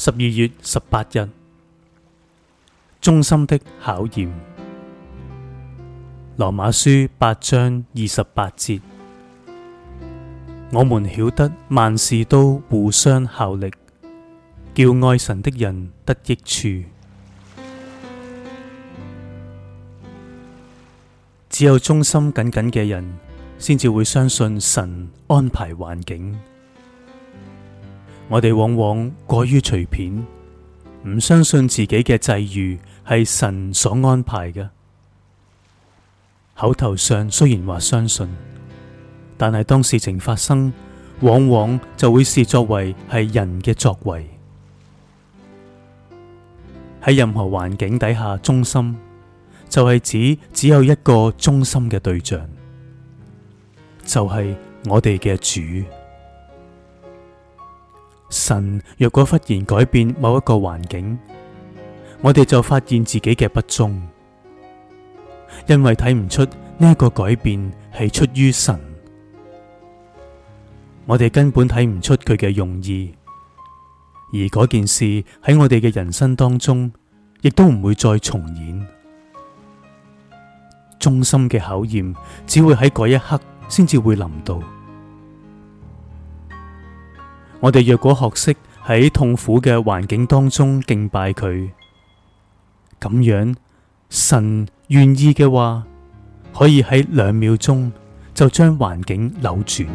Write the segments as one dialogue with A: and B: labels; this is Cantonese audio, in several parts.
A: 十二月十八日，忠心的考驗。羅馬書八章二十八節，我們曉得萬事都互相效力，叫愛神的人得益處。只有忠心耿耿嘅人，先至會相信神安排環境。我哋往往過於隨便，唔相信自己嘅際遇係神所安排嘅。口頭上雖然話相信，但係當事情發生，往往就會視作為係人嘅作為。喺任何環境底下，忠心就係指只有一個忠心嘅對象，就係、是、我哋嘅主。神若果忽然改變某一個環境，我哋就發現自己嘅不忠，因為睇唔出呢一個改變係出於神，我哋根本睇唔出佢嘅用意，而嗰件事喺我哋嘅人生當中，亦都唔會再重演，忠心嘅考驗只會喺嗰一刻先至會臨到。我哋若果學識喺痛苦嘅環境當中敬拜佢，咁樣神願意嘅話，可以喺兩秒鐘就將環境扭轉。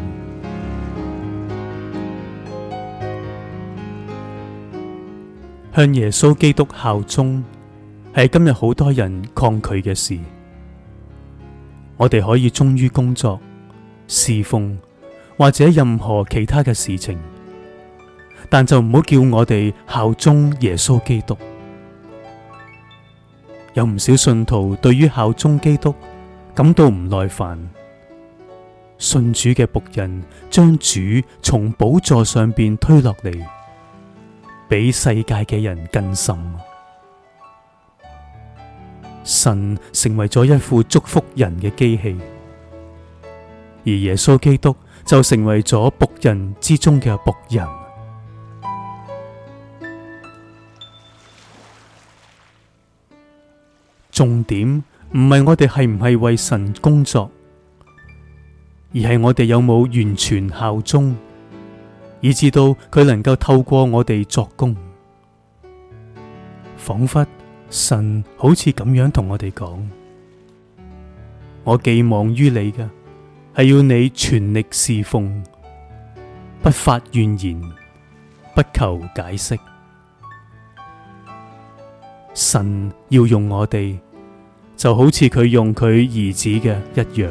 A: 向耶穌基督效忠，係今日好多人抗拒嘅事。我哋可以忠於工作、侍奉，或者任何其他嘅事情。但就唔好叫我哋效忠耶穌基督。有唔少信徒對於效忠基督感到唔耐煩。信主嘅僕人將主從寶座上邊推落嚟，比世界嘅人更深。神成為咗一副祝福人嘅機器，而耶穌基督就成為咗僕人之中嘅僕人。重點唔係我哋係唔係為神工作，而係我哋有冇完全效忠，以至到佢能夠透過我哋作工，仿佛神好似咁樣同我哋講：我寄望於你噶，係要你全力侍奉，不發怨言，不求解釋。神要用我哋，就好似佢用佢兒子嘅一樣。